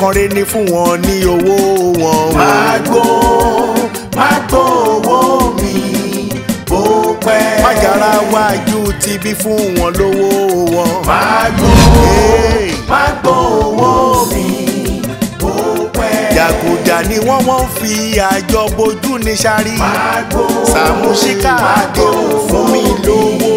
kọ́ré ní fún wọn ní owó wọn. Magbo magbo owó mi bó pẹ́. Májàra wájú ti bí fún wọn lówó wọn. Magbo magbo owó mi bó pẹ́. Jàgùjà ni wọ́n wọ́n fi àjọ bojú ní sáré. Magbo magbo owó mi. Sàmúsíkà mi lówó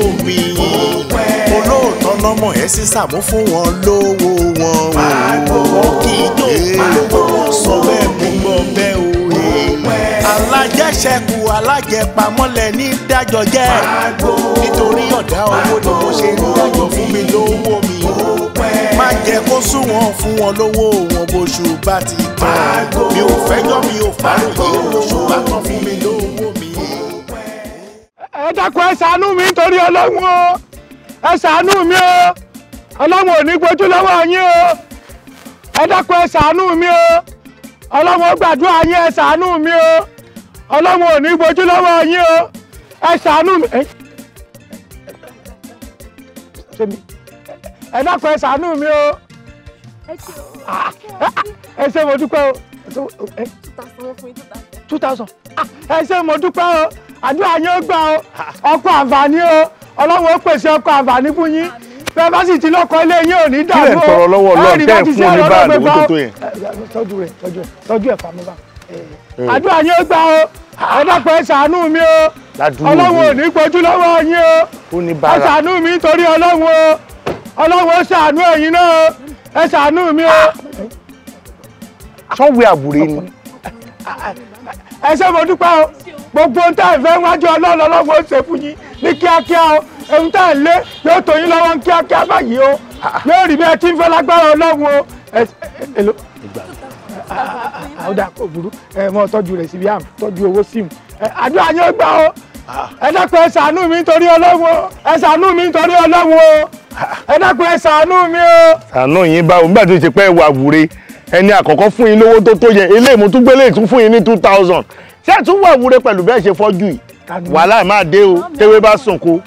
lóòótọ́ lọ́mọ ẹ̀ sì sàmú fún wọn lówó wọn o. pàgbọ́ kíjó pàgbọ́ sọ bẹ́ẹ̀ mú gbọ́ bẹ́ẹ̀ o. alájẹṣẹ́kù alájẹpamọ́lẹ̀ ní dájọ́ jẹ́ nítorí ọ̀dá owó ni mo ṣe ń dájọ́ fún mi lówó mi má jẹ́ kó sún wọn fún wọn lówó wọn bóṣù bá ti tán mi ò fẹ́jọ́ mi ò fàròyé oṣù bá tán fún mi lówó mi. ẹ dákun ẹ ṣàánú mi nítorí Ọlọ́run o ẹ ṣàánú mi o ọlọ́run ò ní gbójú lọ́wọ́ yín o ẹ dákun ẹ ṣàánú mi o ọlọ́run ó gbàdúrà yín ẹ ṣàánú mi o ọlọ́run ò ní gbójú lọ́wọ́ yín o ẹ ṣàánú mi. ẹ dákun ẹ ṣàánú mi o ẹ ṣé mo dúpẹ́ o two thousand ah, ẹ ṣé mo dúpẹ́ o àdúrà yín ó gbà o ọkọ àǹfààní o ọlọ́run pèsè ọkọ àǹfààní fún yín bẹ́ẹ̀ bá sì ti lọ́kọ ilé yín ò ní dàgbò yín ó gbà o ọ̀dọ́pọ̀ ẹ mi o ọlọ́run ò ní gbójú lọ́wọ́ yín o ẹ ṣàánú mi nítorí ọlọ́run o ọlọ́run ó ṣàánú náà ẹ ṣàánú mi o. sọ́wọ́ àbúrẹ́ ni. ẹ ṣé mo dúpẹ́ o gbogbo ohun tá ẹ fẹ́ wájú ọlọ́run ọlọ́run ó ṣe fún yín ní kíákíá o ewu tá à ń lé yóò tó yín lọ́wọ́ ní kíákíá báyìí o yóò rí bí ẹ ti ń fẹ́ lágbára ọlọ́run o èlò àwòdà kò burú ẹ mọ tọ́jú rẹ̀ síbi àmì tọ́jú owó síìmù àdúrà yóò gbà o ẹ dákun ẹ ṣàánú mi nítorí ọlọ́run o ẹ ṣàánú mi nítorí ọlọ́run o ẹ dákun ẹ ṣàánú mi o. ṣàánú yín bá òun gbà tó ṣe pé ẹ wà wúre ẹni àkọ́kọ́ fún yín lówó tó tó yẹ eléyìí mo tún gbélé ìtún fún yín ní two thousand ṣé ẹ tún wà wúre pẹ̀lú bẹ́ẹ̀ ṣe fọ́jú yìí wàhálà máa dé o tẹ́wé bá sùn kó.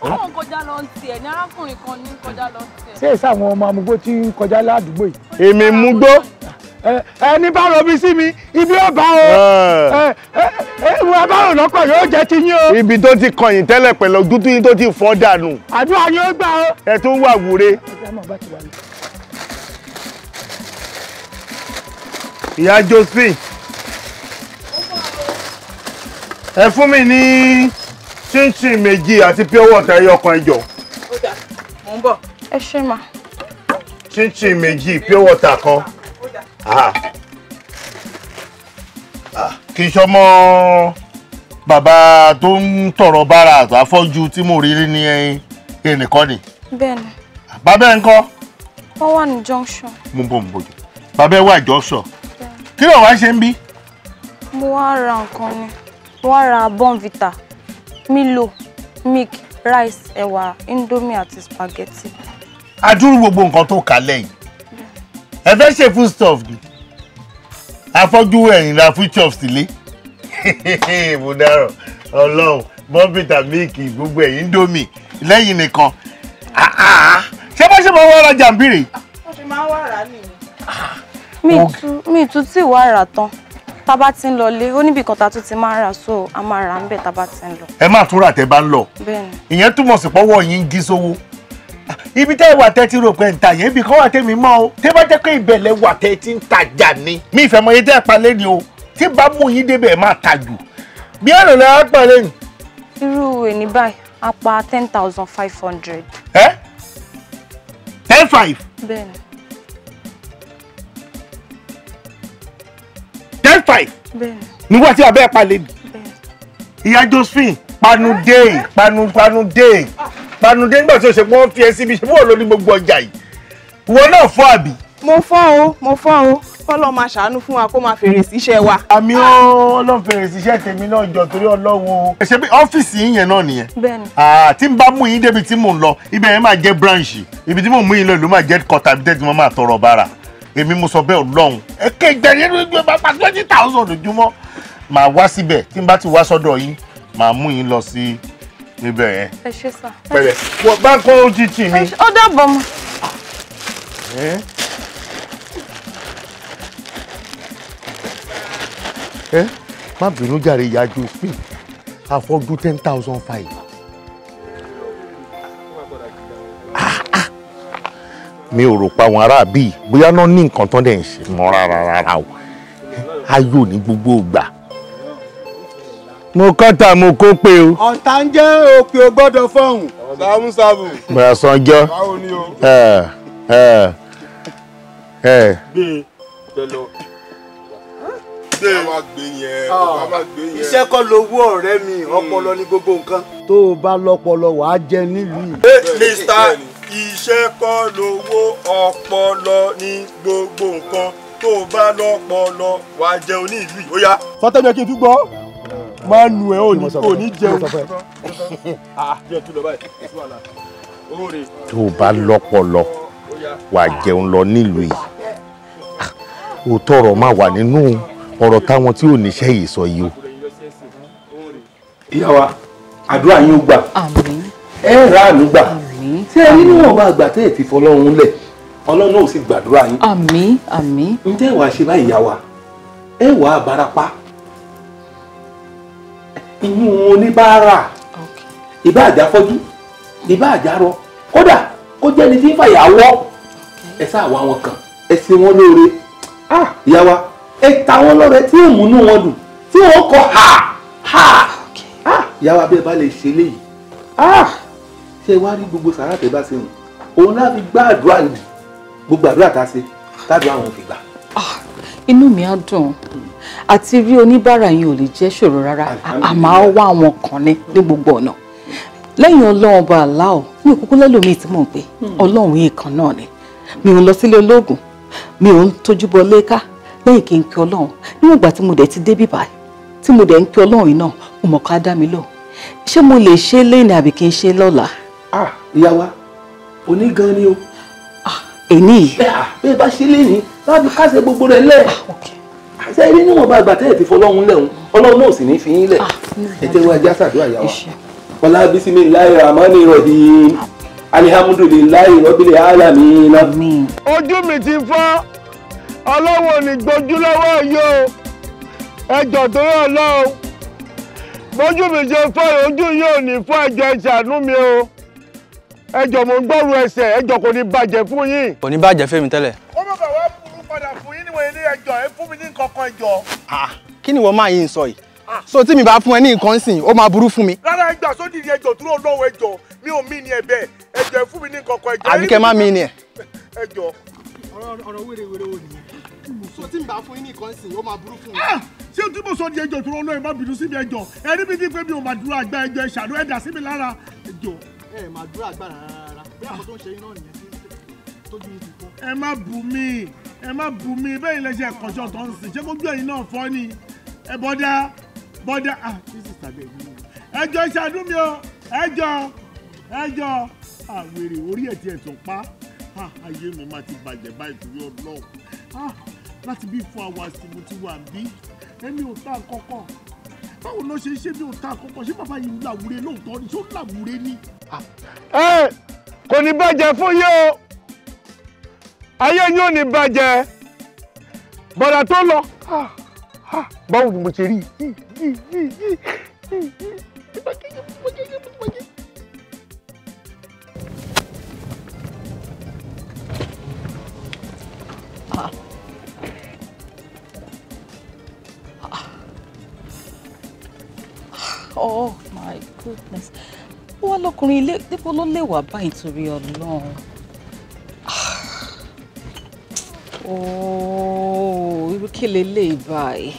ọmọ kọjá lọ ti ẹ̀ ní arákùnrin kan ní kọjá lọ ti ẹ̀. ṣé ìsàwọn ọmọ amúgbó ti ń kọjá ládùúgbò yìí. èmi mú gbó. ẹni bá rọbí sí mi ibi ọba o ìwà ah. báwo lọ́pọ̀ yóò jẹ́ ti yín o. ibi tó ti kọyìn tẹ́lẹ̀ pẹ̀lú dúdú yín tó ti fọ́ dànù. àdúrà yóò gbà o. ẹ tún wà wúre. ìyá Josephine. ẹ fún mi ní chinchin méjì àti pure water ẹyọ kan ẹjọ. ó dà mò ń bọ̀. ẹ ṣe mà. chinchin méjì pure water kan. Ah. Ah, kì í ṣọmọ bàbá tó ń tọrọ bára àfọ́jú tí mo rí ní ẹnìkan ni. bẹ́ẹ̀ni. bàbá ẹ ń kọ́. wọ́n wà ní junction. mo ń bọ̀ mo bójú bàbá ẹ wà junction. kí ló wá ṣe ń bí. mo wá ra nǹkan ni wọ́n ra bonvita milo milk rice ẹ̀wà indomie àti spaghetti. adúrú gbogbo nǹkan tó kà lẹ́yìn ẹ fẹ́ ṣe food stuff ni afọ́jú ẹ̀yìn la food stuff sílé mo dárọ̀ ọlọ́run bonvita milk gbogbo ẹ̀yìn indomie lẹ́yìn nìkan ṣé bá ṣe máa wá ra jàǹbìrì. wọ́n ti máa ń wá rà á nìyí. mi ì tún ti wá rà tán tá bá ti ń lọ lé ó níbì kan tá tún ti máa ń rà so a máa rà ń bẹ̀ tá bá ti ń lọ. ẹ máa tún rà tẹ́ bá ń lọ ìyẹn túmọ̀ sí pọ́wọ́ yín ń gí sówó ibi tẹ́ wà tẹ́ ti rò pé ń ta yẹn ibì kan wà tẹ́ mi mọ́ o tẹ́ bá jẹ́ pé ìbẹ̀lẹ̀ wà tẹ́ ti ń tajà ni mi ìfẹ́ mọ iye tẹ́ pa lé ni o tí bá mú yín débẹ̀ máa ta jù bí ẹ̀rọ lẹ́ á pa lẹ́yìn. irú èní báyìí a pa ten thousand five hundred. ẹ ten five. bẹ́ẹ̀ni high five nígbà tí abẹ́ palẹ̀ ìyá Josephine panudé panu panudé ah. panudé ah. nígbà tí o ṣe pé wọ́n fi ẹ síbi ṣe fún olórí gbogbo ọjà yìí ìwọ náà fọ́ àbí. mo fọ́ o mo fọ́ o fọlọ́ máa ṣàánú fún wa kó máa fèrè síṣẹ́ wa. àmì ọlọ́run fèrè síṣẹ́ tèmi náà jọ torí ọlọ́wọ́. ẹ ṣe bí ọ́fíìsì yín yẹn náà nìyẹn. bẹ́ẹ̀ni. tí n bá mú yín débi tí mò ń lọ ibẹ̀ yẹn máa jẹ́ branch ibi tí mò ń mú yín lọ ìlú máa jẹ́ kọta ibi tẹ́tí mo máa tọrọ bára èmi mo sọ bẹ́ẹ̀ ọlọ́run ẹ̀kẹ́ ìgbẹ̀yẹ ló gbé bá twenty thousand ojúmọ́ màá wá síbẹ̀ tí n bá ti wá sọ́dọ̀ yín màá mú yín lọ sí níbẹ̀ yẹn. ẹ ṣe sá. pẹ̀lẹ́ wọ báńkì ojijì mi. ó dàbọ̀ mọ́. ẹ má bínú jàre ìyájú pé àfọ́jú ten thousand five. mi ò rò pa àwọn aráàbí bóyá náà ní nǹkan tán dẹ̀ ń ṣe mọ́ rárá rárá o ayọ̀ ní gbogbo ìgbà. mo kọ́ta mo kó pe o. ọ̀tá ń jẹ́ òpè o gbọ́dọ̀ fọ̀hún. sàmú sàmú. bẹ̀rẹ̀ sanjọ́. báwo ni o. ẹ e. e gbé yẹn wa ah. ma gbé yẹn. iṣẹ́ kọ́ lowó ọ̀rẹ́ mi ọpọlọ ni gbogbo nǹkan. tó o bá lọ́pọlọ wàá jẹ nílùú. mr iṣẹ́ kọ́ lówó ọpọlọ ní gbogbo nǹkan tó bá lọ́pọlọ wàá jẹun ní ìlú yìí ó yá. sọtẹ́mi ẹ kí n tún gbọ́ máa nu ẹ ò ní ah, kò ní jẹun. tó o bá lọ́pọlọ wà jẹun lọ nílùú yìí ah, òótọ́ ọ̀rọ̀ máa wà nínú ọ̀rọ̀ táwọn tí ò níṣẹ́ yìí sọ yìí o. ìyá wa àdúrà yín ó gbà ẹ rà gbà àmín. ṣé ẹ nínú wọn máa gbà tẹ́ ẹ̀ ti fọlọ́run lẹ̀ ọlọ́run náà sì gbàdúrà yín. àmín àmín. ǹjẹ́ ẹ wàá ṣe báyìí yá wa ẹ wàá àbárapá inú oníbàárà ìbá àjáfọ́jú ìbá àjárọ kódà kó jẹ́ ni tí ń fàyàwọ́ ẹ sáà wá wọn kàn ẹ ṣe wọn lóore ah, ìyá wa ẹ ta wọn lọ́rẹ tí ò múnú wọn dùn tí wọn kọ ha ha ah, ìyá wa bí ẹ bá lè ṣe léyìí. Ah, ṣé wàá rí gbogbo sàrà tẹ bá ṣe yìí òun náà fi gbá àdúrà nì gbogbo àdúrà tá a ṣe tádùn àwọn òfin gbà. Ah, inú mi á dùn àti rí oníbàárà yín ò lè jẹ́ ṣòro rárá àmọ́ á wá àwọn kan ní ní gbogbo ọ̀nà lẹ́yìn ọlọ́run ọba aláwọ̀ ní òkúkú lẹ́lòmíì tí mò ń pè hmm. ọlọ́run yìí kan náà ni mi ò lọ sílé olóògùn mi ò ń tójú bọ léka lẹ́yìn kí n kí ọlọ́run níwọ̀n ìgbà tí mo dẹ̀ ti débì báyìí tí mo dẹ̀ ń kí ọlọ́run yìí náà mo mọ̀ ká dá mi lò ṣé mo lè ṣe é lẹ́yìn àbí kí n ṣe é lọ́la ah ìyá wa òní gan ni o. èní yìí. bẹ́ẹ̀ bá ṣe lé ní láti káṣẹ gbogbo rẹ̀ lẹ̀. àṣẹ ilé níwọ̀n bá àgbà tẹ́lẹ̀ ti fọlọ́run lẹ́hùn ọlọ́run náà sì ní fi yín lẹ̀. ẹ jẹ́ wá ajá sàdúrà ìyá wa. ọlá bisimilayi rahmani rahim alihamudulilayi rabbil alamin. ojú mi ti fọ́ ọlọ́wọ́ ni gbójú lọ́wọ́ yóò ẹjọ́ tó yọ lọ́wọ́ bójú mi ṣe fọ́ ojú yóò ní fọ́ ẹjọ́ ìṣàánú mi o ẹjọ mò ń gbọ́rù ẹsẹ̀ ẹjọ kò ní bàjẹ́ fún yín. kò ní bàjẹ́ fèmi tẹ́lẹ̀. ó bàbá wa burú padà fún yín níwọ̀n ilé ẹjọ ẹ fún mi ní kankan ẹjọ. kí ni wọ́n máa yín sọ yìí so tí mi bá fún ẹ ní nǹkan sìn ó máa burú fún mi. rárá ẹgbà sódì ni ẹjọ dúró lọ́wọ́ ẹjọ mi ò mí ni ẹ bẹ́ẹ̀ ẹjọ ẹ fún mi ní kankan ẹjọ. àbíkẹ́ má mí ni ẹ. ẹjọ. ọ̀rọ̀ wérewére wo nìyẹn. so tí mi bá fún yín ní nǹkan sìn ó máa burú fún mi ah! ṣé o túbọ̀ sọ di ẹjọ́ tó rọ lọ́yìn má bínú síbi ẹjọ́ ẹni bí ti pé mi ò máa dúró àgbà ẹjọ́ ìṣàdó ẹ̀dá síbi lára ẹjọ́ ẹ máa dúró àgbà rárá bí àwọn tó ń ṣe iná nìyẹn tójú yìí ti kọ́. ẹ má bù mí ẹ má bù mí bẹ́ẹ̀ ilé iṣẹ́ kọjọ tó ń sìn ṣé kó gbé ẹ̀yin náà fọ́ ni ẹ bọ́dá bọ́dá ah this is tàbí ẹ̀yin náà ẹ jọ ìṣàdún mi o ẹ jọ ẹ jọ àwèrè ah, orí ẹ̀ tiẹ̀ tó pa ah, ayé mi má ti bàjẹ́ báyìí torí ọlọ́run ah, láti bí fún àwọn àsìkò tí wà bí ẹni ò tá àkọ́kọ́ báwo ló ṣe ṣe mi ò tá àkọ́kọ́ ṣé bàbá yìí ń làwúre lóòótọ́ ni ṣé ó ń làwúre ni ẹ kò ní bàjẹ́ fún yín o ayé yín ò ní bàjẹ́ bọ̀dà tó lọ báwo ni mo ṣe rí i. Oh my goodness ó wá lọkùnrin ilé dípò ló lè wà báyìí torí ọlọ́run ah. ooo irú kí leléyìí báyìí.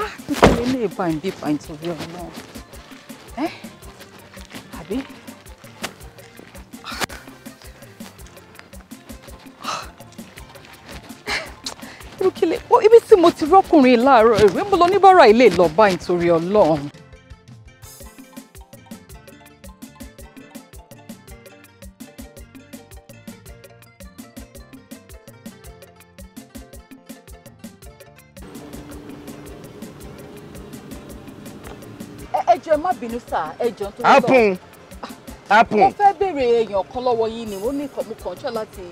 Ah, nítorí ilé ìbá ìbí ìbá ìtòrí ọlọ́run. Ẹ́ àbí? ó ibi tí mo ti rọ́kùnrin láàárọ̀ èrè ń bọ̀ lọ níbàárà ilé ìlọ́ba nítorí ọlọ́run. ẹjọ ẹ má bínú sá ẹjọ tó ń lọ. apun apun. mo fẹ́ béèrè èèyàn kan lọ́wọ́ yìí ni ó ní ìkọ̀mù kan ṣọ́ láti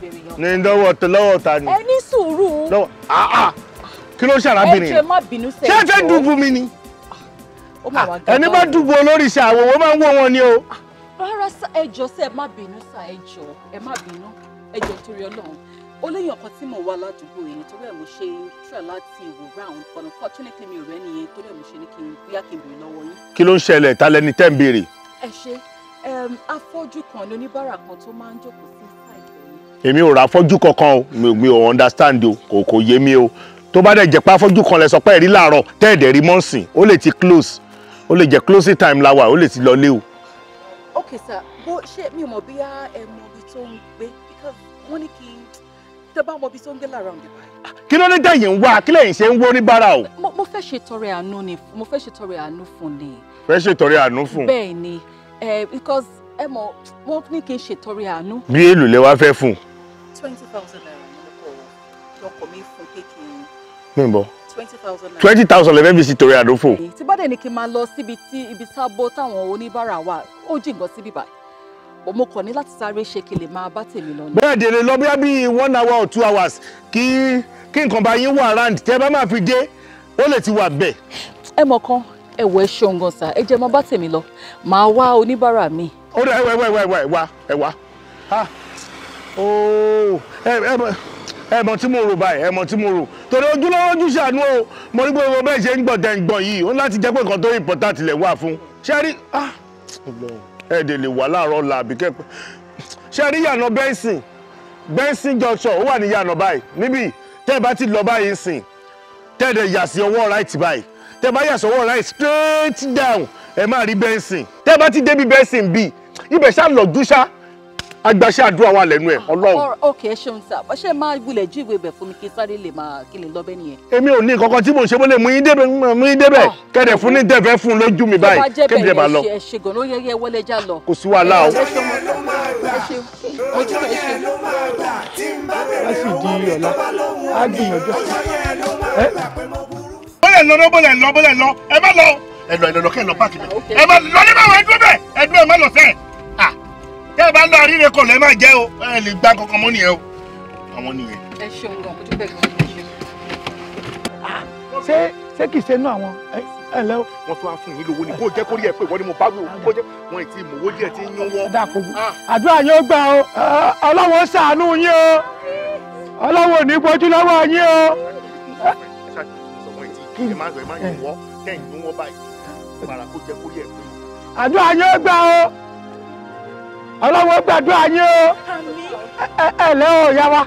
arábìnrin yẹn. ní lọ́wọ́ lọ́wọ́ ta ni. ẹ ní sùúrù. lọ́wọ́ àá ah, ah, kí ló ṣe arábìnrin yẹn. ẹ jẹ́ má bínú sẹ́yìn. ṣé ẹ fẹ́ dùbù mi ni. Ah, ó mà wá gàdọ́ ẹni bá dùbù olóríṣà àwòwọ́ máa ń wọ́ wọn ni o. rárá sá ẹ jọ̀ọ́ sẹ má bínú sá ẹ jọ̀ọ́ ẹ má bínú ẹ jọ̀ọ́ torí Ọlọ́run olóyìn ọkọ tí mò ń wá ládùúgbò yìí nítorí ẹ mo ṣe ń tẹ̀ láti ìwòrán àwọn ọ̀nà fortunately mi ò rẹ́ nìyẹn torí ẹ mo ṣe ní kí n bóyá kí n béèrè lọ́wọ́ yín. kí ló ń ṣẹlẹ̀ ta lẹni tẹ́ ń béèrè. ẹ ṣe afọ́jú kan ní oníbàárà kan tó máa ń jókòó sí èmi ò rà fọ́jú kankan o mi ò understand o kò kò yé mi o tó bá dẹ̀ jẹ́ pé afọ́jú kan lẹ sọ pé ẹ̀rí làárọ̀ tẹ́ẹ̀dẹ̀ rí mọ́ǹsìn ó lè ti close ó lè jẹ́ closing time la wà ó lè ti lọ lé o. ok sir bó ṣe mi ò mọ̀ bí ẹ mọ tó ń gbé because wọ́n ní kí n tẹ bá mọ ibi tó ń gbé lára òǹdè báyìí. Ah, kí ló dé dá yìí ń wá kí lẹ́yìn ṣe ń wó ní bára o. mo fẹ́ ṣètọrẹ àánú ni mo fẹ́ ṣètọrẹ àánú fún ni. fẹ́ ṣètọrẹ àánú fún. bẹ́ẹ̀ ni eh, because ẹ mọ̀ wọ́n ní kí n ṣètọrẹ àánú. bí èlò lẹ wá fẹ́ fún twenty thousand naira ní lọ́kọ̀ lọ́kọ̀ mi fún kékeré. mi bọ twenty thousand lè fẹ́ fi sí torí àdófò. tí bá dẹ̀ ni kí n máa lọ síbi tí ibi sábó táwọn oníbàárà wà ó jìngàn síbi báyìí bọ̀ mo kàn ní láti sáré ṣe kí lè máa bá tèmi lọ. bẹ́ẹ̀ dèrè lọ bóyá bíi one hour or two hours kí kí nǹkan bá yín wà round tẹ́ bá máa fi dé ó lè ti wà bẹ́ẹ̀. ẹ mọ̀ kan ẹ̀wọ̀ ẹ ṣeun gan sa ẹ jẹ́ máa bá tèmi lọ màá wá oníbàárà mi. ó dẹ̀ ẹ̀wọ̀ ẹ̀wọ̀ ẹ̀wọ̀ ẹ̀wọ̀ ẹ̀wọ̀ ẹmọ tí mo rò báyìí ẹmọ tí mo rò torí ojúlówó ojú ṣàánú o mo rí gbogbo bẹ́ẹ̀ ṣe ń gbọ̀dẹ̀ ǹgbọ̀n yìí ó láti jẹ́ pé nǹkan tó important lẹ̀ wà fún ṣẹ́rí ah, ẹ̀ẹ́dẹ̀ lè wà láàárọ̀ làbí kẹ́pẹ́ ṣẹ́rí yànà bẹ́ǹsìn bẹ́ǹsìn junction ó wà ní yànà báyìí níbi tẹ́ ẹ bá ti lọ báyìí sìn tẹ́ ẹ̀ dẹ̀ yà sí ọwọ́ right báyìí tẹ́ ẹ bá yà sí ọwọ́ right straight down ẹ máa rí bẹ́ǹsìn tẹ́ ẹ bá ti débi bẹ́ǹsìn bíi ibẹ̀ ṣá lọ́jú ṣá agbaṣẹ́ àdúrà wà lẹ́nu ẹ̀ ah, ọlọ́run. ok ẹ ṣeun sá ṣé máa wulẹ̀ ju ìwé ibẹ̀ fún mi kí sáré lè máa kí lè lọ bẹ́ẹ̀ nìyẹn. èmi ò ní kankan tí mò ń ṣe bọ́lẹ̀ mú yín débẹ̀ mú yín débẹ̀ ah, kẹ̀dẹ̀ fún ní dẹ̀fẹ́ fún lójú mi báyìí kébì dẹ̀ máa lọ. ẹ ṣe gan ló yẹ yẹ wọlé já lọ. kò sí wàhálà o. ẹ ṣe ojú ẹ ṣe. a sì di ọ̀la a gbìyànjú. bọ́lẹ̀ lọ bọ́lẹ̀ lọ bọ́lẹ̀ lọ ẹ má lọ ẹ lọ ẹ lọ kẹ́ tẹ́ ẹ bá lọ àríre kò lẹ́ máa jẹ́ o ẹ lè gba kankan mọ́ nìyẹn o àwọn nìyẹn. ẹ ṣeun gan mo dúpẹ́ gan mo ṣe. ṣé ṣé kìí ṣe inú àwọn ẹ lẹ o. wọn tún wá fún yín lówó ni kó jẹ kó rí ẹ pé ìwọ ni mo bá wí òkú kó jẹ wọn ti mọwó díẹ̀ tí ń yún wọn. dàkúgbù àdúrà yóò gbà o Ọlọ́run ṣàánú yín o Ọlọ́run ò ní gbójú lọ́wọ́ yín o. ẹ má yún wọ́ kẹ́yìn yún wọ́ báyìí àdúrà yóò gbà o ọlọ́wọ́ gbàdúrà yín o ẹ lẹ́ o ìyá wa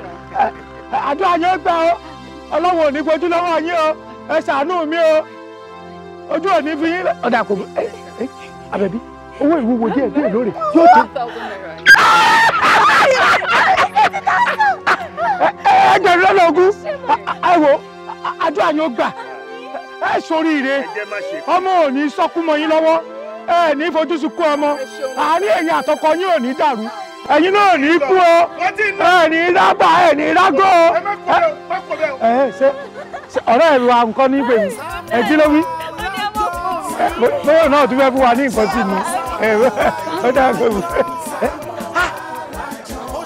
àdúrà yín ó gbà o ọlọ́wọ́ ò ní gbójú lọ́wọ́ yín o ẹ ṣàánú mi o ojú ò ní fi yín ọ̀dà kò mú abẹ́bí owó ìwúwo díẹ̀ díẹ̀ lórí yóò tó. ẹgbẹ̀rún lọ́nà ogún ẹ wo àdúrà yín ó gbà ẹ sóríire ọmọ ò ní sọkúmọ yín lọ́wọ́ ẹ ní fojú sunkún ọmọ àárín ẹ̀yin àtọkọ yín ò ní dàrú ẹ̀yin náà ò ní kú o ẹ ní rábà ẹ ní rágó o ẹ ṣe ọ̀rẹ́ mi wa nǹkan ní ìpè mi ẹ kí ló wí bóyá náà tún fẹ́ fún wa ní nǹkan sí ni ẹ ó dá pé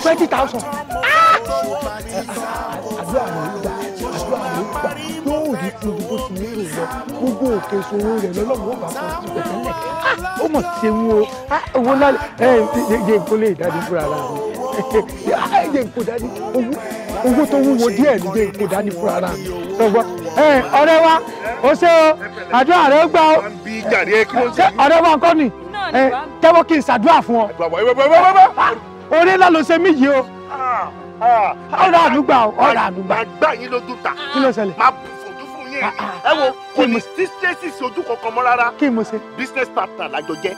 twenty thousand. Ah! gbogbo òkè ìṣòro rẹ̀ lọ́lọ́run ó bá fọ́ sí pẹ̀tẹ́lẹ̀ ó mọ̀ ṣe wo ah, owó lálẹ́ ẹ jẹ́ ìkó lè dáadé fúnra ara mi ẹ jẹ́ ìkó dání owó tó wúwo díẹ̀ ní jẹ́ ìkó dání fúnra ara mi sọgbọ́n ọ̀rẹ́ wa ó ṣe o àdúrà rẹ̀ gbà ó ọ̀rẹ́ wa nǹkan ni tẹ́wọ́ kí n ṣàdúrà fún ọ ah, orí ńlá ló ṣe mí yìí o ọ̀rọ̀ àdúgbà ọ̀rọ̀ àdúgbà. àgbà yín ló dùn ta kí ló ṣẹlẹ̀. Ah, ah. ẹ wo kò ní stitches ojú kankan mọ́ rárá kí mo ṣe business partner lájọ jẹ́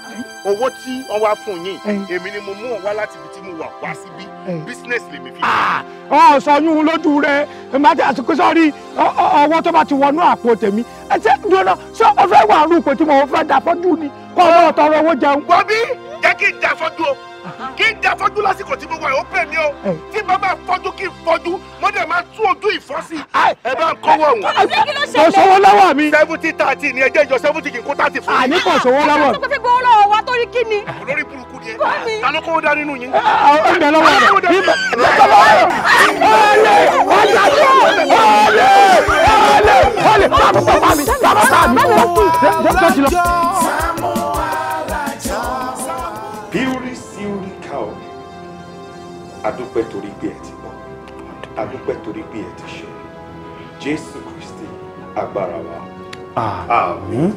owó tí wọ́n wá fún yín èmi ni mo mú wọn wá láti ibi tí mo wà wá síbí business lèmi fi. Ah, ọ sọ lójú rẹ má ti àsìkò sọrí ọwọ́ tó bá ti wọnú àpò tèmi ẹ ṣe dúró ṣé o fẹ́ wà rúkọ tí mo fẹ́ dà fọ́jú ni kọ́ ọ lọ́ọ́ tọrọ owó jẹun. wọ́n jẹ́ kí n dà fọ́jú o kí n jẹ afọ́jú lásìkò tí mo wà ó pè mí o tí bá máa fọ́jú kí n fọ́jú mo dẹ̀ máa tún ojú ìfọ́sí ẹ bá ń kọ́wọ́ òun. kò sówó lọ́wọ́ mi. seventy thirty ni ẹjẹ́ ìjọ seventy kì í kó thirty fún mi. àní kò sówó lọ́wọ́. àwọn tó fi gbowó lọ́wọ́ wa torí kí ni. olórí burúkú ni ẹ ta ló kówó dá nínú yín. ó ń bẹ lọ́wọ́ rẹ̀ bí lọ́wọ́ rẹ̀ ọ̀lẹ́ ọ̀lẹ́ ọ̀lẹ́ ọ̀lẹ́ ọ̀lẹ́ bàbá bàbá mi bàbá bàbá mi. adúpẹ́ torí pé ẹ ti gbọ́ adúpẹ́ torí pé ẹ ti ṣe jésù kristi agbára wa àmín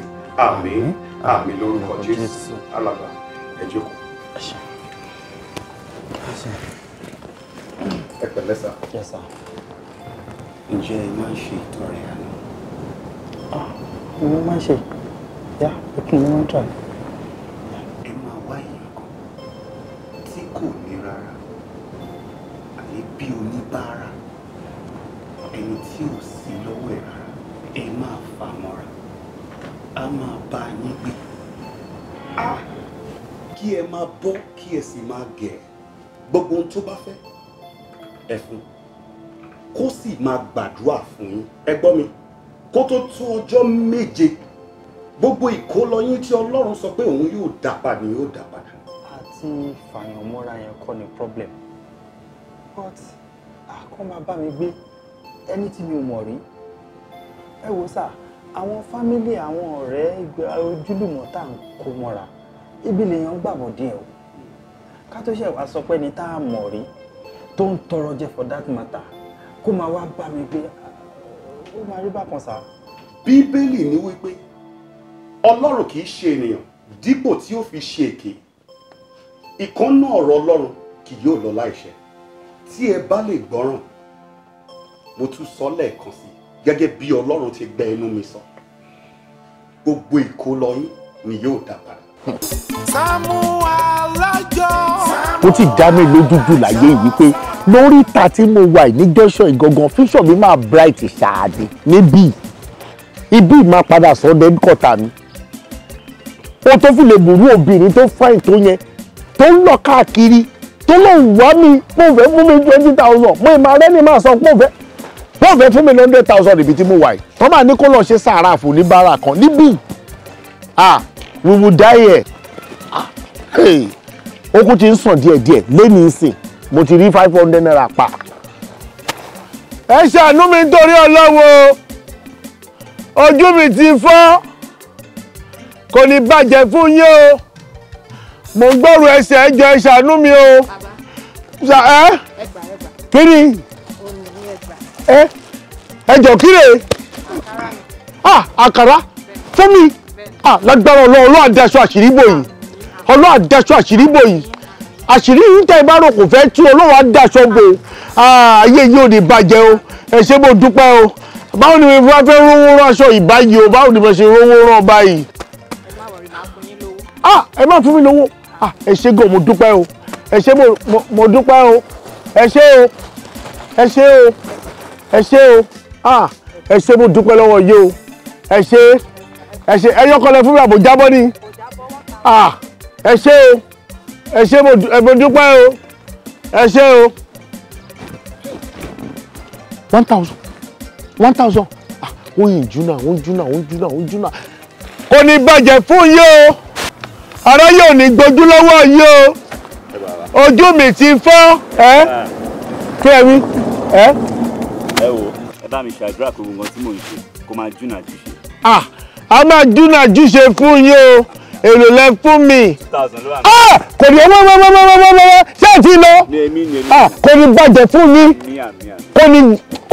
àmín àmín lórúkọ jésù alàgbà ẹ jókòó. ẹ pẹ̀lẹ́ sà. ǹjẹ́ ẹ máa ń ṣe ìtọrẹ àná. Ah, mo máa ń ṣe yá ẹ kí n máa bí oníbàárà ẹni tí ò sí lọ́wọ́ ẹ̀ ẹ máa fà mọ́ra a máa bá yín gbé a kí ẹ máa bọ́ kí ẹ sì máa gẹ̀ gbogbo ohun tó bá fẹ́ ẹ fún kó sì máa gbàdúrà fún yín ẹ gbọ́ mi kó tó tó ọjọ́ méje gbogbo ìkólọyín tí ọlọ́run sọ pé òun yóò dá padà yóò dá padà. àti fàyànmọ́ra yẹn kọ́ ni problem but àkọ́ ah, máa bá mi gbé ẹni tí mi ò mọ̀ rí ẹ wo sà àwọn fámílì àwọn ọ̀rẹ́ ojúlùmọ̀ tá à ń kó mọ́ra ibi lèèyàn gbàbọ̀ díẹ̀ o ká tó ṣe wàá sọ pé ni tá a mọ̀ rí tó ń tọrọ jẹ for that matter kó máa wá bá mi gbé ó máa rí bákan sà. bíbélì ní wípé ọlọ́run kì í ṣe ènìyàn dípò tí ó fi ṣe èké ìkànnà ọ̀rọ̀ ọlọ́run kì yóò lọ láìṣẹ tí ẹ bá lè gbọ́ràn mo tún sọ lẹ́ẹ̀kan sí gẹ́gẹ́ bí ọlọ́run ti gbẹ inú mi sọ gbogbo ìkólọ yín ni yóò dá padà. Sàámú Alájọ. ó ti dá mi lójú jù láyé yìí pé lórí ìta tí mo wà ní jọ́sọ̀ ìgangan fíṣọ̀ mi máa bright ṣáàdì níbí ibí máa padà sọ́dọ̀ ẹ̀ńkọ̀tà mi o tó fi lè mú obìnrin tó fáìn tó yẹn tó ń lọ káàkiri tó lóun wá mi mo fẹ́ fún mi twenty thousand mo ìmọ̀ arẹ́ni máa sọ pé mo fẹ́ mo fẹ́ fún mi ní hundred thousand ibi tí mo wà yìí tó máa ní kó lọ ṣe sàárà fún oníbàárà kan níbí ah we will die here ah hey okun ti ń sàn díẹ̀díẹ̀ lẹ́nu ìsìn mo ti rí five hundred naira pa. ẹ ṣàánú mi nítorí ọlọ́wọ́ ojú mi ti fọ́ kò ní bàjẹ́ fún yín o mo gbọ́rù ẹsẹ̀ ẹjọ́ ẹ ṣàánú mi o. ẹ kí ni ẹ ẹjọ́ kí lè àkàrà fún mi ah, lágbára ọlọ́run ọlọ́run àdẹ́sọ àṣírí bò yìí ọlọ́run àdẹ́sọ àṣírí bò yìí àṣírí yìí tẹ́ ẹ bá rò kò fẹ́ tú ọlọ́run àdẹ́sọ bò ah, ayé yìí ò ní bàjẹ́ o ẹ ṣé mo dúpẹ́ o báwo ni mo fẹ́ rówó rán aṣọ ìbáyìí o báwo ni mo ṣe rówó rán báyìí. ẹ má fún mi lówó. Ah, ẹ má fún mi lówó. Ah, ẹ ṣé gan mo dúpẹ́ o ẹ ṣé mo dúpẹ́ o ẹ ṣé o ẹ ṣé o ẹ ṣé o ah, ẹ ṣé mo dúpẹ́ lọ́wọ́ yìí o ẹ ṣé ẹ ṣé ẹyọ kọlẹ fún mi àbò jábọ́ ni ah, ẹ o ẹ ṣé mo dúpẹ́ o ẹ ṣé o. one thousand one thousand ó yìn júnà ó ń júnà ó ń júnà ó ń júnà kò ní bàjẹ́ fún yín o. Ara yóò ní gbójú lọ́wọ́ yìí o ojú mi ti fọ́ ẹ́ ẹ wí ah. ẹ́. ẹ wo ẹ bá mi ṣàdúrà pé gbogbo tí mò ń ṣe kó máa júnà júṣe. Ah, a máa júnà júṣe fún yín o èrò lẹ fún mi. Ah, kò ní ọwọ́ wọ́wọ́ wọ́wọ́ wọ́wọ́ ṣé ẹ ti lọ kò ní bàjẹ́ fún yín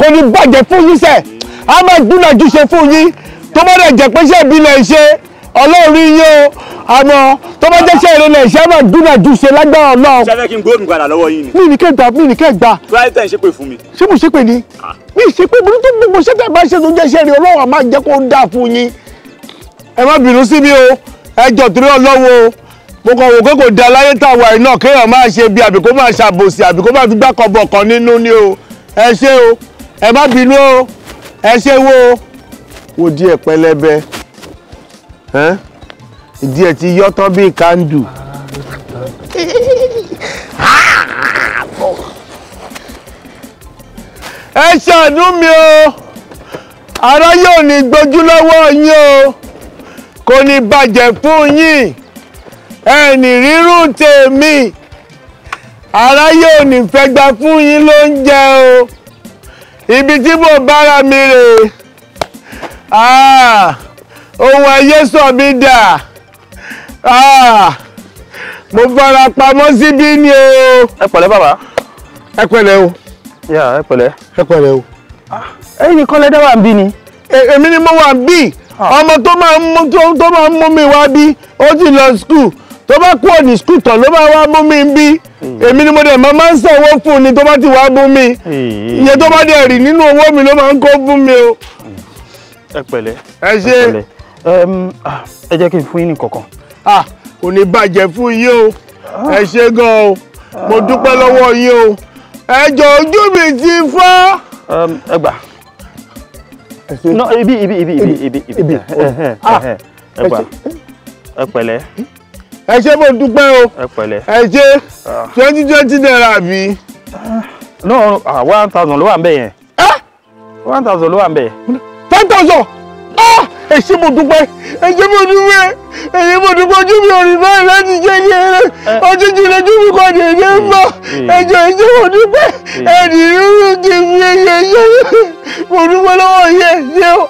kò ní bàjẹ́ fún yín sẹ́ a máa júnà júṣe fún yín tó bá dẹ̀ jẹ́ pé ṣé ìbílẹ̀ ṣe ọlọ́run rí yín o àmọ́ tó bá jẹ́ sẹ́yìn lẹ́lẹ̀ iṣẹ́ máa dúnàdún ṣe lágbára ọlọ́run. ṣé fẹ́ kí n gbóòdùn padà lọ́wọ́ yín ni. mi ní kẹ́ gbà mi ní kẹ́ gbà. tíwáyé tẹ̀ ń ṣépè fún mi. ṣé mo ṣépè ni. Ah. mi ṣépè burú tó gbogbo ṣẹ́tẹ̀ bá ṣe tó jẹ́ sẹ́yìn ọlọ́run àmọ́ jẹ́ kó dáa fún yín. ẹ má bínú sí mi o ẹ jọ torí ọlọ́wọ́ o mo kàn wò pé kò da láyé táwa ẹ̀ náà kéèyàn máa ṣe bí àbí kó máa ṣàbòsí àbí kó máa fi gbàkọ̀bọ̀ kan nínú ni o ẹ ṣé o ẹ má bínú o ẹ ṣé wo o wò di ẹ̀pẹ́lẹ́bẹ́ ìdí ẹ̀ ti yọ́ tán bí kándù. ẹ ṣàánú mi o ara yóò ní gbójú lọ́wọ́ yín o kò ní bàjẹ́ fún yín ẹnì rírùn tèmi ara yóò ní fẹ́ fún yín ló ń jẹ o ibi tí mo bára mi rè é. Ah! ohun ayé sọ mi dà ah, mo fara pamọ́ síbí ni o. ẹ pẹ̀lẹ́ bàbá. ẹ pẹ̀lẹ́ o. yà ẹ pẹ̀lẹ́. ẹ pẹ̀lẹ́ o. Ah, ẹ̀yin nìkan lẹ́dá wà ń bí ni. E, èmi ni mo wà ń bí ah. ọmọ tó máa ń mú tó máa ń mú mi wá bí ó ti lọ skul tó bá kúrò ní skul tán ló bá wá mú mi bí hmm. èmi ni mo dẹ̀ máa ń sanwó fún ni tó bá ti wá mú mi iye hmm. tó bá dẹ̀ rí nínú owó mi ló máa ń kó fún mi o. ẹ pẹ̀lẹ́ ẹ ṣe. Ah, ẹ jẹ́ kí n fún yín ní kọ̀ọ̀kan. Ah, kò ní bàjẹ́ fún yín o ẹ ah. ṣe gan o mo dúpẹ́ lọ́wọ́ yín o ẹjọ́ ojú mi ti fọ́. ẹ gbà. no ibi ibi ibi ibi ibi ibi eh, eh, eh, ẹ gbà ẹ pẹ̀lẹ́. ẹ ṣe mo dúpẹ́ o ẹ pẹ̀lẹ́ ẹ ṣe twenty twenty naira bi. no one thousand ló wà ń bẹ̀ yẹn one thousand ló wà ń bẹ̀. ten thousand ẹ ṣé mo dúpẹ́ ẹ ṣé mo dúpẹ́ ẹ mo dúpẹ́ ojú mi ò rí báyìí láti jẹ́ ní ẹrẹ́ ojú jìnnà ojú mi kò dé ní mọ́ ẹjọ́ ẹ ṣé mo dúpẹ́ hmm. ẹnì rírú kì í fi ẹyẹ ṣe mo dúpẹ́ lọ́wọ́ yẹ ṣé o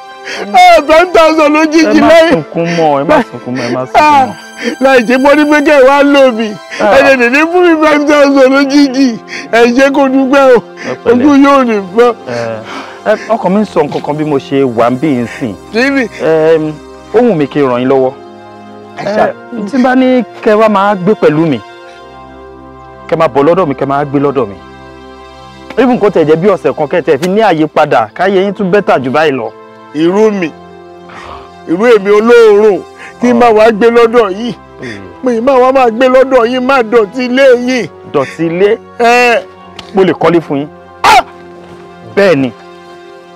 ten hmm. ah, thousand lójijì lẹ́yìn. ẹ má sunkún mọ́ ẹ má sunkún mọ́ ẹ má sunkún ah, mọ́ láì ṣe bọ́ ní pé kẹ́ ẹ̀ wá lò mí ah. ẹ̀jẹ̀ tètè fún mi five thousand lójijì ẹ ṣé kó dúpẹ́ o ojú yóò ní fọ́. Eh ọkàn mi ń sọ nǹkan kan bí mo ṣe wà ń bí n sìn. bíbí. ó wù mí kí ràn yín lọ́wọ́. tí bá ní kẹ wá máa gbé pẹ̀lú mi kẹ máa bọ̀ lọ́dọ̀ mi kẹ máa gbé lọ́dọ̀ mi. even kó tẹ̀ jẹ́ bí ọ̀sẹ̀ kan kẹtẹ̀ fi ní àyípadà káyé yín tún bẹ́tà jù báyìí lọ. irú mi irú èmi olóòórùn tí n máa wá gbé lọ́dọ̀ hmm. yìí mi máa wá máa gbé lọ́dọ̀ yìí má dọ̀tí ilé yìí. dọ̀tí ilé. mo lè kọ́lé fún yín. Ah! bẹ́ẹ̀ ni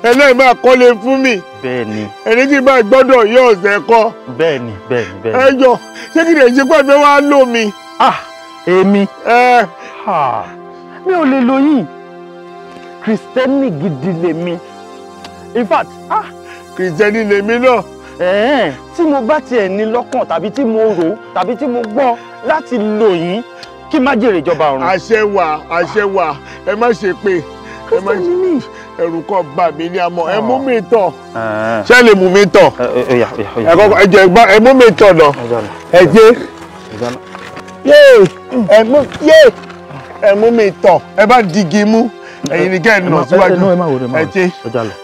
ẹlẹ́yìn máa kọ́lé fún mi. bẹ́ẹ̀ni. ẹni tí bá gbọ́dọ̀ yọ ọ̀sẹ̀ kọ. bẹ́ẹ̀ni bẹ́ẹ̀ni bẹ́ẹ̀ni. ẹ jọ ṣé kí lè ṣe pé ẹfẹ wàá lò mí. ah èmi. ẹ mi ò lè lo yìí kristẹni gidi lèmi in fact ah. kristẹni lèmi náà. ẹ̀ẹ́n tí mo bá tiẹ̀ ní lọ́kàn tàbí tí mo rò tàbí tí mo gbọ́ láti lò yín kí má jèrè ìjọba ọ̀run. àṣẹ wà àṣẹ wà ẹ má ṣe pé kristian ni mí. ẹrù kọ bá mi ní amọ ẹ mú ah. mi tọ̀ ah. ṣé lè mú mi tọ̀ eh, eh, ẹ jẹ gbá ẹ mú mi tọ̀ lọ ẹ jẹ ẹ hmm. mú ẹ mú mi tọ̀ ẹ bá digi mú ẹ̀yin ni kẹ́ẹ̀ nà síwájú ẹ jẹ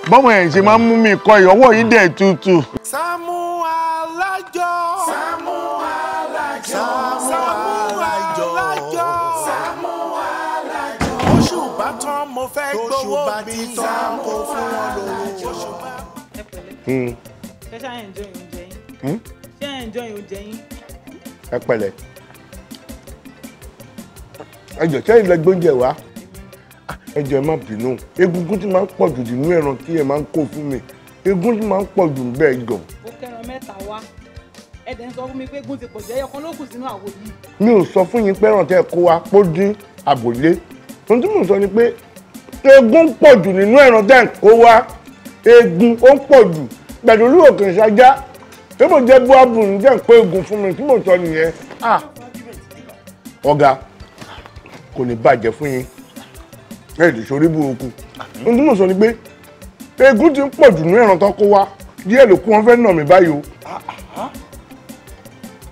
bọ́mọ ẹ̀ ṣe máa mú mi kọ ìyọwọ́ yìí dẹ̀ tutù. Sàámú Alájọ Sàámú Alájọ. mo fẹ́ gbowó mi tán mo fún wọn lówó. Hmm. ṣé ṣáà ẹ̀ ń jọ ìròyìn yín. Hmm? ṣé ẹ̀ ń jọ ìròyìn yín. ẹ pẹ̀lẹ́ ẹ jọ̀ọ́ lẹ gbóúnjẹ wá ah, ẹ ẹ má bínú egungun tí máa ń pọ̀ jù nínú ẹran tí ẹ máa ń kó fún mi egun tí máa ń pọ̀ jù bẹ́ẹ̀ jọ. ó kẹran mẹ́ta wá ẹ̀dẹ̀ ń sọ fún mi pé egun ti pọ̀ jù ẹyọ ló kù sínú àwo yìí. mi ò sọ fún yín pé ẹran tẹ́ kó wa pó dín àbòlé ohun tí mò sọ ni pé egun pọ̀ jù nínú ẹran tẹ́ ń kó wá egun ó ń pọ̀ jù pẹ̀lú olú òkè ṣájá tí mo jẹ́ bú abùn tẹ́ ń kó egun fún mi tí mo sọ nìyẹn ah! ọ̀gá kò ní bàjẹ́ fún yín ẹ̀ lè sórí burúkú ohun tí mo sọ ni pé egun ti ń pọ̀ jù nínú ẹran tó kó wá díẹ̀ ló kú wọn fẹ́ nà mí báyìí o ah, ah,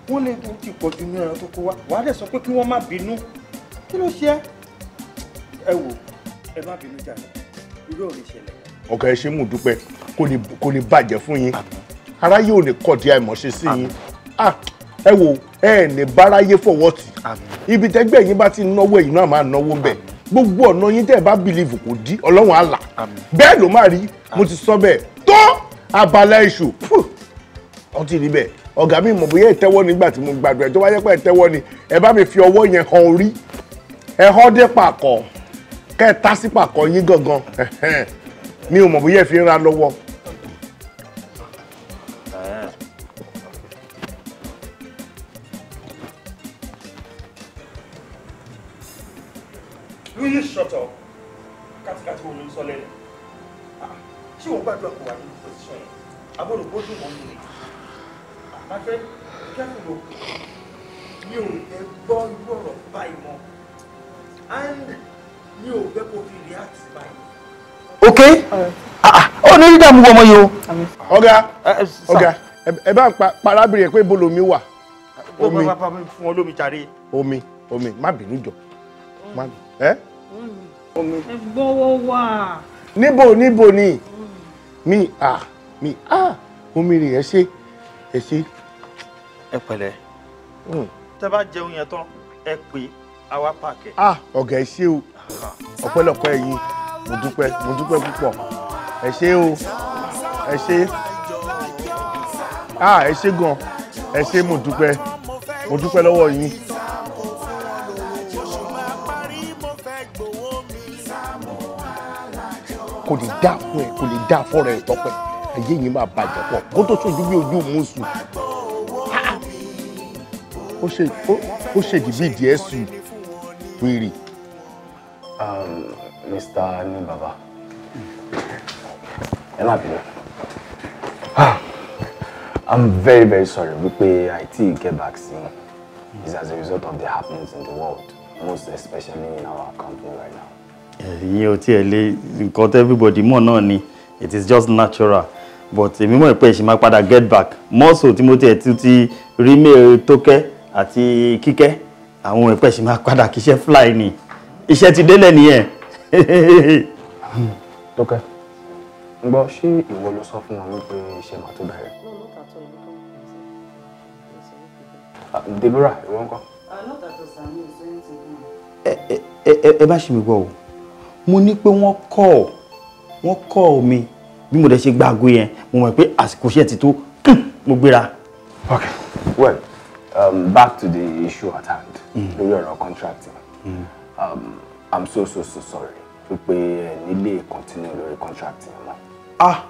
wọ́n lè tó ti pọ̀jù ní ẹran tó kó wá wàá dẹ̀ sọ pé kí wọ́n má bínú kí ló ṣe ẹ wò ẹ má bínú jà irú ò lè ṣẹlẹ̀. ọ̀gá ẹ ṣe mú dúpẹ́ kò ní bàjẹ́ fún yín aráyé ò ní kọ̀dí àìmọ̀ṣe sí yín ẹ wo ẹ ní báráyé fọwọ́ tì ibi tẹ́gbẹ́ yín bá ti náwó ẹ̀yin náà máa náwó bẹ́ẹ̀ gbogbo ọ̀nà yín tẹ́ ẹ bá bìlìfù kò dí ọlọ́run àlà bẹ́ẹ̀ ló máa rí mo ti sọ bẹ́ẹ̀ tó abala èṣù ọ ti rí bẹ́ẹ̀ ọ̀gá mi mọ̀ bóyá ìtẹ́wọ́ nígbà tí mo gbàdúrà tó wáyé pé ìtẹ́wọ́ ni ẹ bá mi fi ọwọ́ yẹn hàn orí ẹ họ́ dé pàkọ́ kẹ́ ẹ tá sípà kọ yín gangan mi ò mọ̀ bóyá ẹ fi ń ra lọ́wọ́. shut up? Katikati wo ló ń sọ lẹ́nu? Ah, ṣé o gbàdúrà kò wá nínú pòsíṣàn yẹn? Agbọ́dọ̀ gbójú mọ́ mi ni. Ah, my friend, careful o. Mi And mi ò fẹ́ kó fi react báyìí. ok ah, ah, ó ní dídá mú ọmọ yìí o. ọ̀gá eh, eh, ọ̀gá ẹ bá ń pa arábìnrin pé bolomi wà. omi fún wọn lómi jàre. omi omi má bínú jọ má ẹ. omi. ẹ gbọ́wọ́ wà. níbo níbo ni mi ah mi ah omi rè ẹ ṣe ẹ ṣe. ẹ pẹ̀lẹ́ hmm. tẹ bá jẹun yẹn tán ẹ pè àwa pàkẹ. ah ọ̀gá ẹ ṣé o ọpẹ́lọpẹ́ yìí mo dúpẹ́ mo dúpẹ́ púpọ̀ ẹ ṣé o ẹ ṣé ah ẹ ṣé gan ẹ ṣé mo dúpẹ́ mo dúpẹ́ lọ́wọ́ yín. kò lè dá fún ẹ kò lè dá fọ̀rọ̀ ẹ tọpẹ ayé yìí máa bàjẹ́ pọ̀ kó tó sojú bí ojú mùsùn ó ṣe ó ṣe dìbí díẹ̀ sùn wèrè um, Mr. Ni Baba. Ẹ I'm very very sorry We I ti get back soon. It's as a result of the happenings in the world, most especially in our company right now. Ìyẹn you tiẹ̀ lé nǹkan everybody mọ̀ náà ni it is just natural but èmi mọ̀ pé ìṣe máa padà get back more so tí mo tiẹ̀ tún ati rí mail Tókẹ́ àti Kíkẹ́ àwọn ìpẹ́ṣẹ̀ máa padà kíṣẹ́ fly ni iṣẹ́ ti délẹ̀ nìyẹn. tókẹ́ ń gbọ́ ṣé ìwọ ló sọ fún wọn wípé iṣẹ́ máa tó bẹ̀rẹ̀. Deborah ìwọ ńkọ́. Uh, ẹ bá ṣe mi gbọ́ o mo ní pé wọ́n kọ́ ọ wọ́n kọ́ ọ mi bí mo dẹ̀ ṣe gbàgbé yẹn mo mọ̀ pé àsìkò iṣẹ́ ti tó mo gbéra. okay well um, back to the issue at hand hmm. lórí ọ̀rọ̀ contracting. Mm um, i'm so so so sorry We ẹ nílé continue lórí contract ah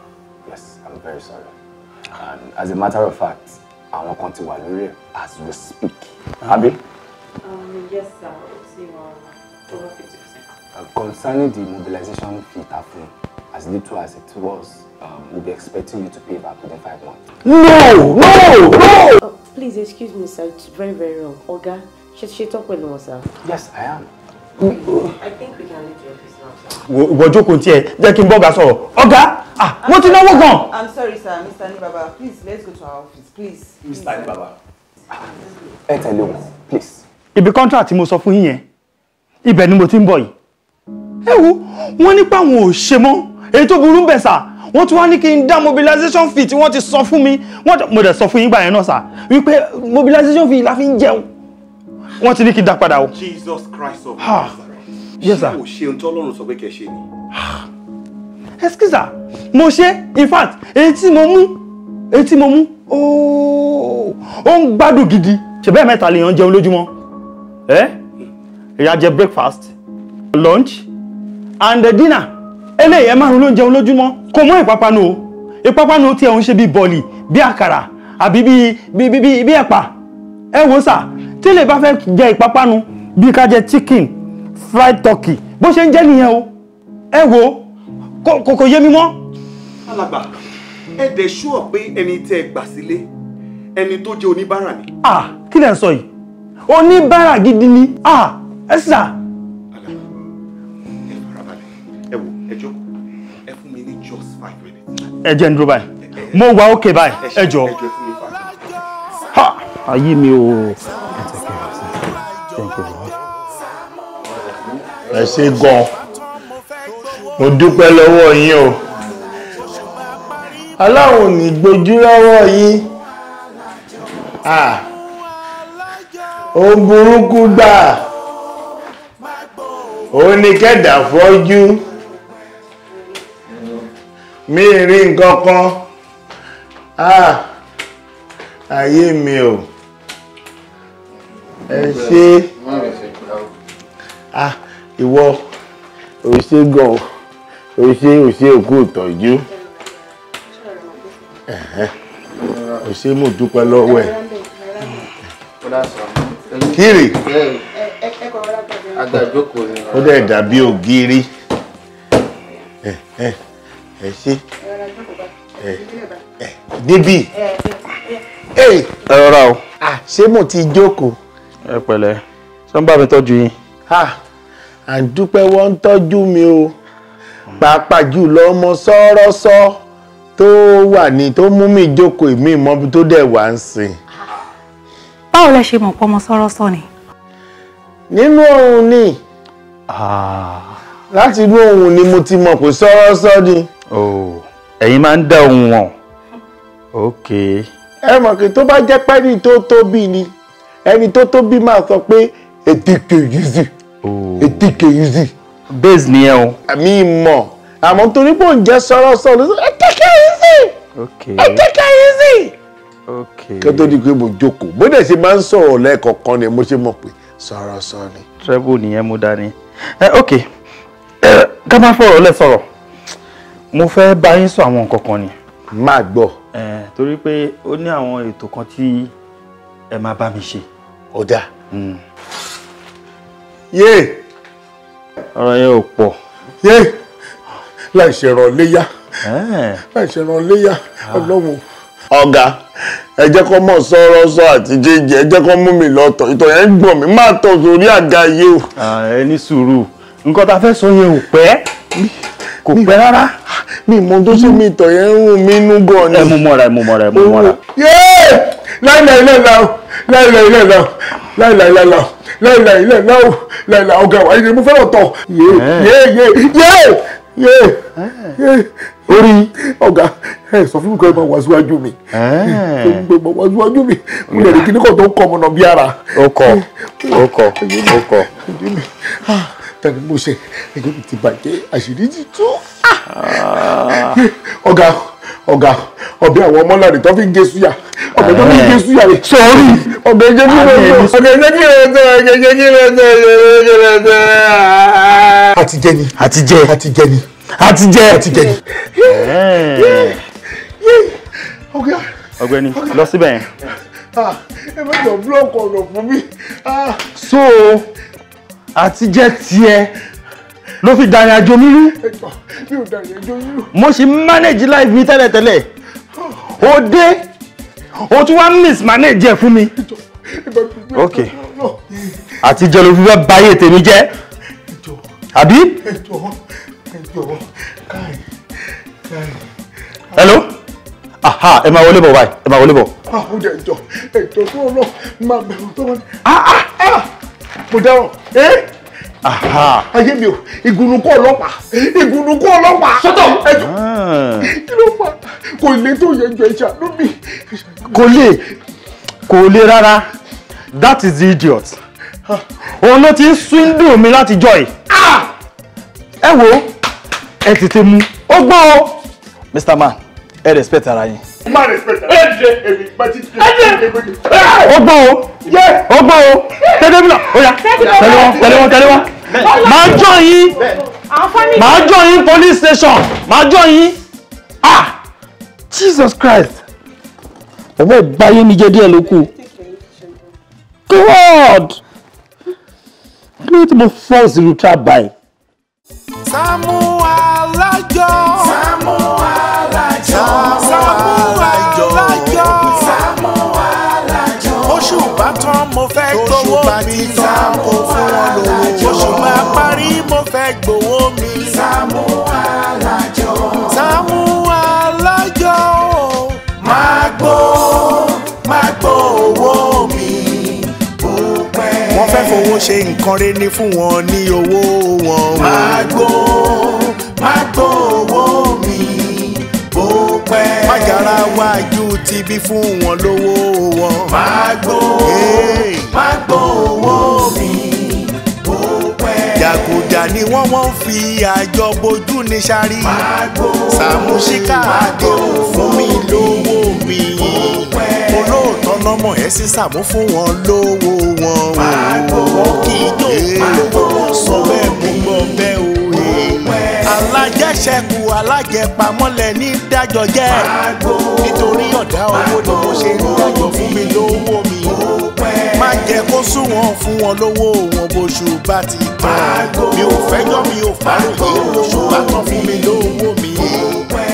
yes i'm very sorry and as a matter of fact I want to continue as we speak. Abby? Ah. Um, yes sir o ti wà over fifty percent. Uh, concerning the mobilization fee ta as little as it was um, we'll be expecting you to pay back within five months. no no no. Uh, please excuse me sir it's very very wrong oga ṣe ṣe tọ́ pẹ̀lú wọn sir. yes i am. Ìwọ jókòó tiẹ̀ jẹ́ kí n bọ́gà sọ̀rọ̀. Ọ̀gá, mo ti náwó gan. I'm sorry sir, Mr. Nibaba, please let's go to our office, please. Mr. Nibaba, ẹ tẹ̀lé wọn, please. Ibi contract mo sọ fún yín yẹn, ibẹ̀ ni mo ti ń bọ̀ yìí. Ẹ wo, wọ́n nípa àwọn ò ṣe mọ́, èyí tó burú ń bẹ̀ sà wọ́n tún wá ní n dá mobilization fee tí wọ́n ti sọ fún mi wọ́n mo dẹ̀ sọ fún yín gbà yẹn náà sà wípé mobilization fee la fi ń jẹun wọ́n ti ní kí n dá padà o. Jesus Christ of Nazareth. yes sir. ṣé o ṣe ohun tí Ọlọ́run sọ pé kẹ́ ṣe ni. excuse sir mo ṣe in fact èyí tí mo mú èyí tí mo mú ó ń gbádùn gidi ṣèbẹ́ mẹ́ta lèèyàn jẹun lójúmọ́ eh? ẹ èyí jẹ breakfast lunch and dinner eléyìí ẹ márùn ló ń jẹun lójúmọ́ kò mọ ìpápánu o ìpápánu tí ẹ ń ṣe bíi bọ́ọ̀lì bíi àkàrà àbí bíi bíi bíi ẹ̀pà ẹ wò sà tí lè bá fẹ́ jẹ ìpápánu bíi ká jẹ chicken fried turkey bó ṣe ń jẹ́ nìyẹn o ẹ wo kò kò yé mi mọ́. alàgbà ẹ dẹ̀ ṣúọ̀ pé ẹni tẹ́ ẹ gbà sílé ẹni tó jẹ́ oníbàárà ni. ah kí lẹ ń sọ yìí oníbàárà gidi ni ah ẹ sà. alàgbà ẹ farabalẹ̀ ẹ wo ẹ jókòó ẹ fún mi ní just five minutes. ẹ jẹ́ ń báyìí mo wà ókè báyìí ẹ jọ. ayé mi o. ẹ ṣé gan mo dúpẹ́ lọ́wọ́ yín o aláwọn ò ní gbójú lọ́wọ́ yín ó burúkú gbà ó ní kẹ́dà fọ́jú mi rí nǹkan kan ayé mi o ẹ ṣé ah ìwọ òṣè gan òṣè òṣè òkú ìtọ́jú òṣè mò dúpẹ́ lọ́wọ́ ẹ̀. kírì ó dẹ̀ dàbí ògiri ẹ ẹ ẹ ṣe níbí ẹ rọra o ṣé mo ti jókòó. ẹ pẹ̀lẹ́ ṣé ń bá mi tọ́jú yín àǹdúpẹ́ wọ́n ń tọ́jú mi o pàápàá jùlọ ọmọ sọ́rọ́sọ́ tó wà ní tó mú mi jókòó èmi ìmọ̀bi tó dẹ̀ wá ń sìn. báwo lẹ ṣe mọ̀ pé ọmọ sọ́rọ́sọ ni. nínú òun ni ah. láti inú òun ni mo ti mọ̀ pé sọ́rọ́sọ ni. Oh, ẹ̀yin máa ń dá ohun wọn. ẹ mọ̀ pé tó bá jẹ́ pẹ́ni tó tóbi ni ẹni tó tóbi máa sọ pé ètè kejì sí i etí keyuzi. base ni ẹ o. àmì mọ̀ àmọ́ torí pé òun jẹ́ sọ́rọ́sọ́ ló sọ etí keyuzi etí keyuzi. kí tó di pé mo jókòó bó dẹ̀ ṣe máa ń sọ̀rọ̀ lẹ́ẹ̀kọ̀ọ̀kan ni mo ṣe mọ̀ pé sọ́rọ́sọ́ ni. trẹ́bù nìyẹn mú dání. ẹ ok ká má fọ̀rọ̀ lẹ́ sọ̀rọ̀ mo fẹ́ bá yín sọ àwọn nǹkan kan ni. má gbọ́. torí pé ó ní àwọn ètò kan tí ẹ máa bá mi ṣe. ó dáa yé. ọ̀rọ̀ yẹn ò pọ̀. yé láì ṣèràn léyà láì ṣèràn léyà ah. ọlọ́run. ọ̀gá ẹ jẹ́ kó mọ̀ sọ́rọ́ sọ àti jíjẹ ẹ jẹ́ kó mú mi lọ tọ̀ ìtọ̀ yẹn ń gbọ̀n mi máa tọ̀ sórí àga yé o. ẹ sùúrù nǹkan tá a fẹ́ sọ yẹn ò pẹ́ kò pẹ́ rárá. mi mọ tó ṣe mi ìtọ̀ yẹn ń rún mi inú gan ni. ẹ mú mọ́ra ẹ mú mọ́ra ẹ mú mọ́ra. yéé láìláìláìláì láìláìláìlá láìláìláìlá láìláìláìlá o láìlá ọ̀gá wa ẹni mo fẹ́ràn tọ̀ yé yé yé yé yé yé orí ọ̀gá ẹ sọ fún mi kọ́ ẹ máa wá síwájú mi ẹ máa wá síwájú mi mo lè rí kíní kan tó ń kọ́ ọmọ náà bí ara. ó kọ ó kọ ó kọ. tani ah, mo ṣe ẹjọ́ mi ti bàjẹ́ àṣírí ti tú ah. Ah. ọ̀gá ọ̀gá ọbẹ̀ àwọn ọmọláre tó fi ń gé súyà ọbẹ̀ tó fi ń gé súyà rẹ̀. sọ́ọ́rì ọbẹ̀ jẹ́ kí ló ń sọ. ọbẹ̀ jẹ́ kí ló ń sọ ọbẹ̀ jẹ́ kí ló ń sọ ọbẹ̀ jẹ́ kí ló ń sọ. àti jẹ ni àti jẹ àti jẹ ni àti jẹ àti jẹ ni. ọ̀gbẹ́ni lọ síbẹ̀ yẹn. ẹ má jọ búlọ̀kù ọ̀nà fún mi. so àti jẹ tiẹ̀ ló fi dàrin àjò mi rú. mi ò mo ṣe manage life mi tẹ́lẹ̀tẹ́lẹ̀ o dé o tún wá mismanage ẹ̀ fún mi. ok àtijọ́ ló fi fẹ́ báyé tèmi jẹ́ àbí. hello aha ẹ máa wọlé bọ̀ báyìí ẹ máa wọlé bọ̀. àwọn ẹjọ́ ẹjọ́ tó lọ máa bẹ̀rù tó wọn. Ah, ah, ah, mo dáhùn. Eh? Aha! ayé mi o ìgùnnùkọ ọlọ́pàá ìgùnnùkọ ọlọ́pàá. sọ́tọ̀ ẹjọ ah. kí ló fà kò lè tó yẹ jọ ìjà lómi. kò lè kò lè rárá that is the idiot òun ló ti ń súndùn mi láti jọ ẹ. Ah! ẹ wo ẹ tètè mu ó gbọ́ o. mr man ẹ respect ara yín má respect ẹ jẹ èmi má ti jẹ èmi. ó gbọ́ o ó gbọ́ o tẹ́lẹ̀ mi náà ó yá tẹ̀lé wọn tẹ̀lé wọn tẹ̀lé wọn máa jọ yín máa jọ yín police station máa jọ yín ah Jesus Christ ọ̀bẹ ìgbáyé mi jẹ́ díẹ̀ ló kù God kí ló ti mo fọ́ọ̀sì lu tábà yìí. Sáàmù. bá ti tán kó fún wọn lówó. oṣù máa parí mo fẹ́ gbowó mi. Sàámú Alájọ. Sàámú Alájọ. máa gbó máa gbó owó mi pẹ́. wọ́n fẹ́ fowó ṣe nǹkan rẹ̀ ní fún wọn ní owó wọn. máa gbó máa gbó owó mi bó pẹ́. májàra wájú ti bí fún wọn lówó wọn. máa gbó máa gbó. ìyà ni wọ́n wọ́n fi àjọ bojú ní sáré Sàámú Ṣíkà àdé fún mi lówó mi olóòótọ́ lọ́mọ ẹ̀ sì Sàámú fún wọn lówó wọn o wọn kì í jó sọ bẹ́ẹ̀ mú gbọ́ bẹ́ẹ̀ o alájẹsẹkù alájẹpamọ́lẹ̀ ní dájọ́ jẹ́ nítorí ọ̀dá owó ni mo ṣe ń dájọ́ fún mi lówó mi má jẹ́ kó sún wọn fún wọn lówó wọn bóṣù bá ti tán mi ò fẹ́jọ́ mi ò fàròyé oṣù bá tán fún mi lówó mi.